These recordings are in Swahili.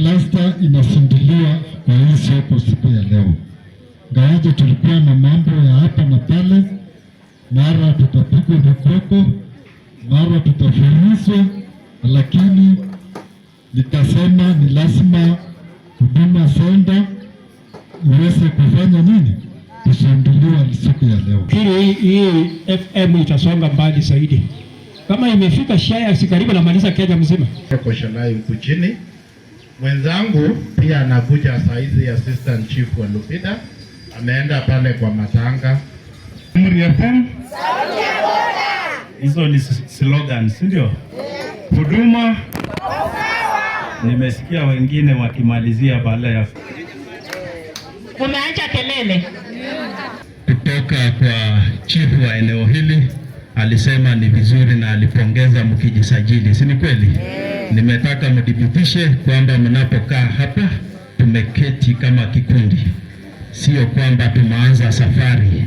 plasta inasinduliwa kwa hii soko siku ya leo. Ngawaje tulikuwa na mambo ya hapa na pale, mara tutapigwa mikoko, mara tutafurizwa, lakini nitasema ni lazima huduma senda iweze kufanya nini, kusunduliwa siku ya leo. Hii hii FM itasonga mbali zaidi kama imefika shaya, si karibu namaliza Kenya mzima. kwa nayo huku chini Mwenzangu pia anakuja saizi ya assistant chief wa Lupita, ameenda pale kwa matanga. Hizo ni slogan, si ndio? Huduma. Nimesikia wengine wakimalizia baada ya umeacha kelele kutoka kwa chief wa eneo hili, alisema ni vizuri na alipongeza mkijisajili, si ni kweli? nimetaka mdhibitishe kwamba mnapokaa hapa tumeketi kama kikundi, sio kwamba tumeanza safari.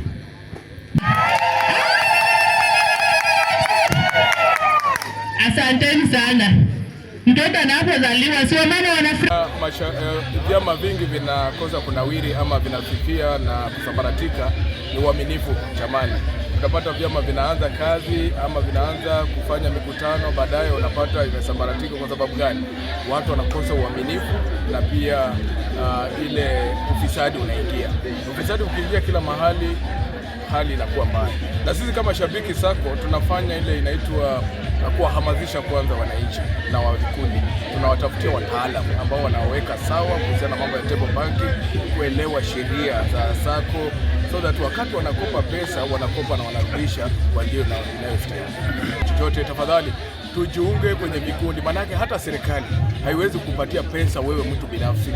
Asanteni sana. Mtoto anapozaliwa sio maana wanafurahi. Uh, uh, vyama vingi vinakosa kunawiri ama vinafifia na kusambaratika ni uaminifu, jamani utapata vyama vinaanza kazi ama vinaanza kufanya mikutano, baadaye unapata imesambaratika. Kwa sababu gani? Watu wanakosa uaminifu na pia uh, ile ufisadi unaingia. Ufisadi ukiingia kila mahali hali inakuwa mbaya, na sisi kama Shabiki Sacco tunafanya ile inaitwa na kuwahamasisha kwanza wananchi na wavikundi, tunawatafutia wataalamu ambao wanaweka sawa kuhusiana na mambo ya table banking, kuelewa sheria za Sacco so that wakati wanakopa pesa wanakopa na wanarudisha kwa njia inayostahili. Chochote tafadhali tujiunge kwenye vikundi, maanake hata serikali haiwezi kupatia pesa wewe mtu binafsi.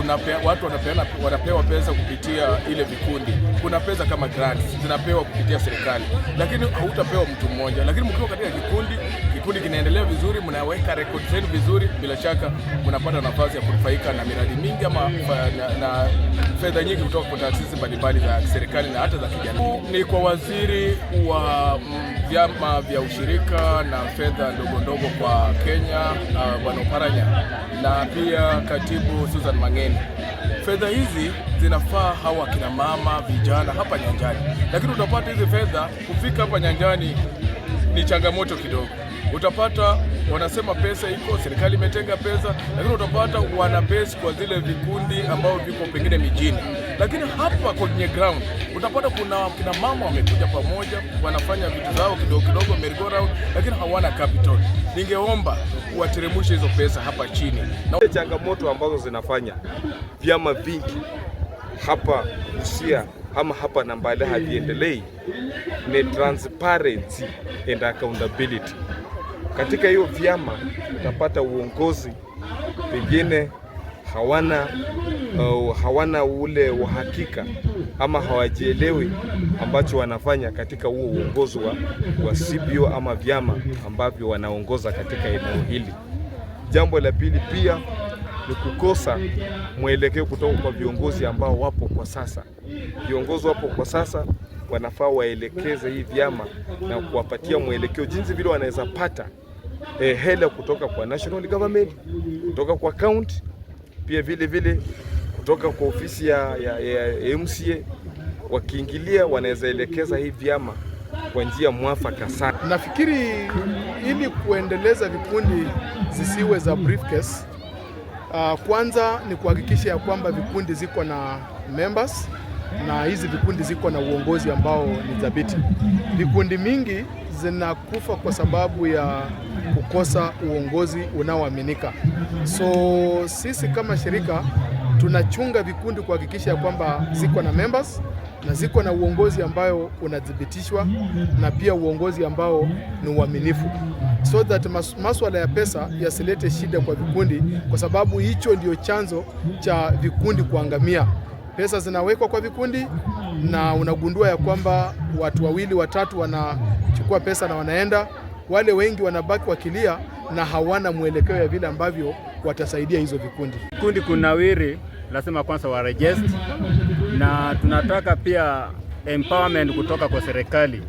Tunapea, watu wanapeana, wanapewa pesa kupitia ile vikundi. Kuna pesa kama grants zinapewa kupitia serikali, lakini hautapewa mtu mmoja. Lakini mkiwa katika kikundi, kikundi kinaendelea vizuri, mnaweka rekodi zenu vizuri, bila shaka mnapata nafasi ya kunufaika na miradi mingi ama na, na fedha nyingi kutoka kwa taasisi mbalimbali za serikali na hata za kijamii. Ni kwa waziri wa mm, vyama vya ushirika na fedha ndogo ndogo kwa Kenya uh, Bwana Oparanya na pia katibu Susan Mangeni. Fedha hizi zinafaa hawa kina mama vijana hapa nyanjani, lakini utapata hizi fedha kufika hapa nyanjani ni changamoto kidogo. Utapata wanasema pesa iko, serikali imetenga pesa, lakini utapata wana base kwa zile vikundi ambao viko pengine mijini, lakini hapa kwenye ground utapata kuna kina mama wamekuja pamoja, wanafanya vitu zao kidogo kidogo merry go round, lakini hawana capital. Ningeomba wateremushe hizo pesa hapa chini, na changamoto ambazo zinafanya vyama vingi hapa Busia ama hapa Nambale haviendelei ni transparency and accountability katika hiyo vyama utapata uongozi pengine hawana uh, hawana ule uhakika ama hawajielewi ambacho wanafanya katika huo uongozi wa, wa CBO ama vyama ambavyo wanaongoza katika eneo hili. Jambo la pili pia ni kukosa mwelekeo kutoka kwa viongozi ambao wapo kwa sasa. Viongozi wapo kwa sasa wanafaa waelekeze hii vyama na kuwapatia mwelekeo jinsi vile wanaweza pata eh, hela kutoka kwa national government, kutoka kwa county, pia vile vile kutoka kwa ofisi ya, ya, ya MCA. Wakiingilia wanaweza elekeza hii vyama kwa njia mwafaka sana. Nafikiri ili kuendeleza vikundi zisiwe za briefcase, uh, kwanza ni kuhakikisha ya kwamba vikundi ziko na members na hizi vikundi ziko na uongozi ambao ni dhabiti. Vikundi mingi zinakufa kwa sababu ya kukosa uongozi unaoaminika. So sisi kama shirika tunachunga vikundi kuhakikisha kwamba ziko na members na ziko na uongozi ambayo unathibitishwa na pia uongozi ambao ni uaminifu, so that maswala ya pesa yasilete shida kwa vikundi, kwa sababu hicho ndio chanzo cha vikundi kuangamia pesa zinawekwa kwa vikundi, na unagundua ya kwamba watu wawili watatu wanachukua pesa na wanaenda, wale wengi wanabaki wakilia na hawana mwelekeo ya vile ambavyo watasaidia hizo vikundi. Kundi kunawiri, lazima kwanza wa register, na tunataka pia empowerment kutoka kwa serikali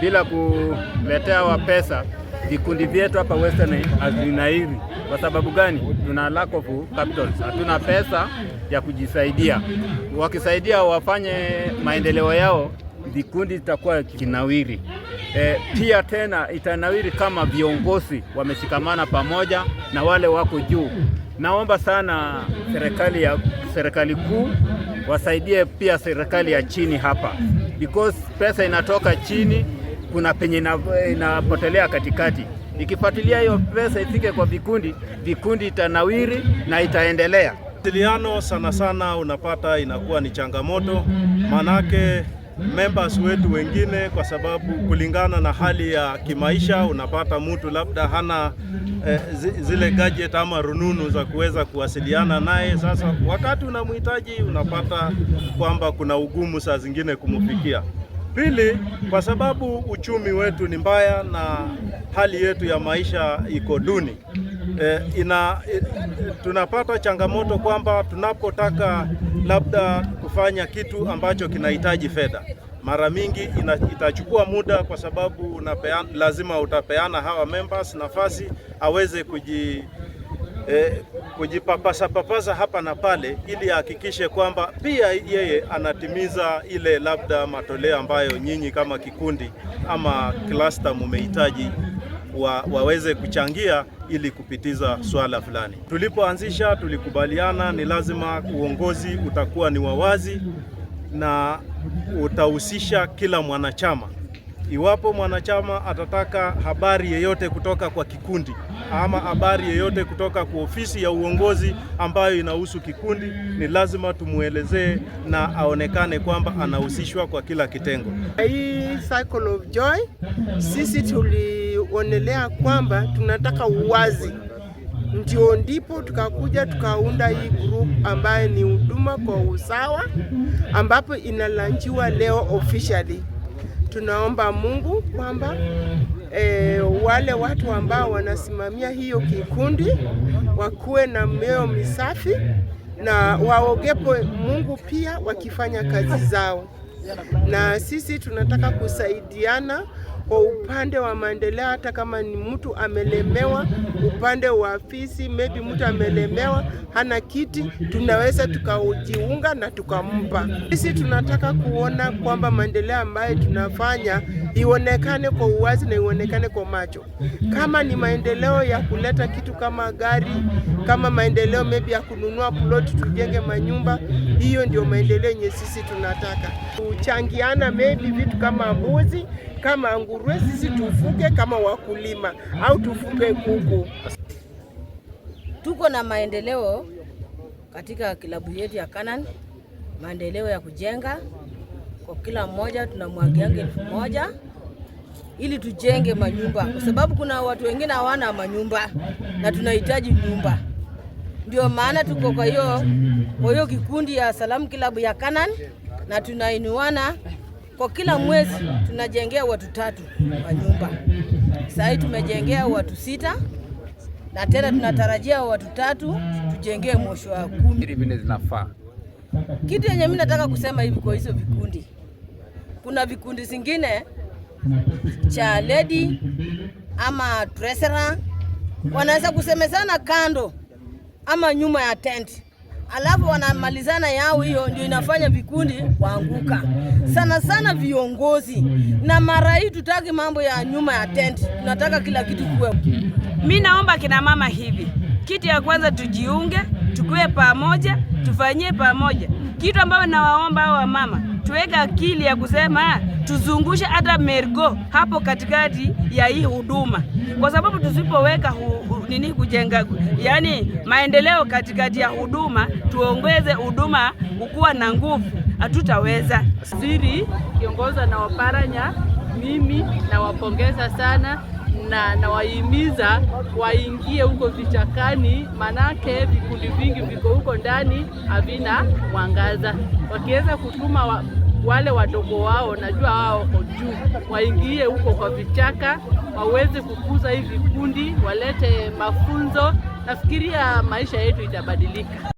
bila kuletea wa pesa vikundi vyetu hapa Western azinairi. Kwa sababu gani? Tuna lack of capital, hatuna pesa ya kujisaidia. Wakisaidia wafanye maendeleo yao, vikundi zitakuwa kinawiri. E, pia tena itanawiri kama viongozi wameshikamana pamoja na wale wako juu. Naomba sana serikali ya serikali kuu wasaidie pia serikali ya chini hapa because pesa inatoka chini kuna penye inapotelea katikati. Ikifuatilia hiyo pesa ifike kwa vikundi, vikundi itanawiri na itaendelea. Mawasiliano sana sana unapata inakuwa ni changamoto, manake members wetu wengine, kwa sababu kulingana na hali ya kimaisha, unapata mtu labda hana eh, zile gadget ama rununu za kuweza kuwasiliana naye. Sasa wakati unamhitaji, unapata kwamba kuna ugumu saa zingine kumfikia. Pili, kwa sababu uchumi wetu ni mbaya na hali yetu ya maisha iko duni. E, ina, e, tunapata changamoto kwamba tunapotaka labda kufanya kitu ambacho kinahitaji fedha mara mingi ina, itachukua muda kwa sababu unapeana, lazima utapeana hawa members nafasi aweze kuji, e, kujipapasa papasa hapa na pale, ili ahakikishe kwamba pia yeye anatimiza ile labda matoleo ambayo nyinyi kama kikundi ama klasta mumehitaji wa, waweze kuchangia ili kupitiza swala fulani. Tulipoanzisha tulikubaliana ni lazima uongozi utakuwa ni wawazi na utahusisha kila mwanachama. Iwapo mwanachama atataka habari yeyote kutoka kwa kikundi ama habari yeyote kutoka kwa ofisi ya uongozi ambayo inahusu kikundi, ni lazima tumwelezee na aonekane kwamba anahusishwa kwa kila kitengo. Hii cycle of Joy sisi tulionelea kwamba tunataka uwazi, ndio ndipo tukakuja tukaunda hii group ambayo ni huduma kwa usawa, ambapo inalanjiwa leo officially tunaomba Mungu kwamba e, wale watu ambao wanasimamia hiyo kikundi wakuwe na mioyo misafi na waogepe Mungu pia wakifanya kazi zao, na sisi tunataka kusaidiana kwa upande wa maendeleo, hata kama ni mtu amelemewa upande wa afisi, maybe mtu amelemewa hana kiti, tunaweza tukajiunga na tukampa. Sisi tunataka kuona kwamba maendeleo ambayo tunafanya ionekane kwa uwazi na ionekane kwa macho. Kama ni maendeleo ya kuleta kitu kama gari, kama maendeleo maybe ya kununua plot tujenge manyumba, hiyo ndio maendeleo yenye sisi tunataka. Kuchangiana maybe vitu kama mbuzi, kama nguruwe, sisi tufuge kama wakulima au tufuge kuku. Tuko na maendeleo katika kilabu yetu ya Canaan, maendeleo ya kujenga kwa kila mmoja tunamwagianga elfu moja ili tujenge manyumba, kwa sababu kuna watu wengine hawana manyumba na tunahitaji nyumba. Ndio maana tuko kwa hiyo kwa hiyo kikundi ya Salamu Kilabu ya Kanan, na tunainuana kwa kila mwezi, tunajengea watu tatu manyumba. Sasa hii tumejengea watu sita na tena tunatarajia watu tatu tujengee mwisho wa kumi. zinafaa kitu yenye mimi nataka kusema hivi, kwa hizo vikundi, kuna vikundi zingine cha lady ama tresera wanaweza kusemezana kando ama nyuma ya tent, alafu wanamalizana yao. Hiyo ndio inafanya vikundi kuanguka sana sana, viongozi na marai. Tutaki mambo ya nyuma ya tent, tunataka kila kitu kuwe. Mi naomba kina mama hivi, kitu ya kwanza tujiunge, tukue pamoja, tufanyie pamoja kitu ambayo nawaomba hao wamama, tuweke akili ya kusema tuzungushe hata mergo hapo katikati ya hii huduma, kwa sababu tusipoweka nini kujenga yani maendeleo katikati ya huduma, tuongeze huduma ukuwa na nguvu, hatutaweza siri kiongozwa na Waparanya. Mimi nawapongeza sana na nawahimiza waingie huko vichakani, manake vikundi vingi viko huko ndani havina mwangaza. Wakiweza kutuma wa wale wadogo wao, najua wao wako juu, waingie huko kwa vichaka, waweze kukuza hivi vikundi, walete mafunzo. Nafikiria maisha yetu itabadilika.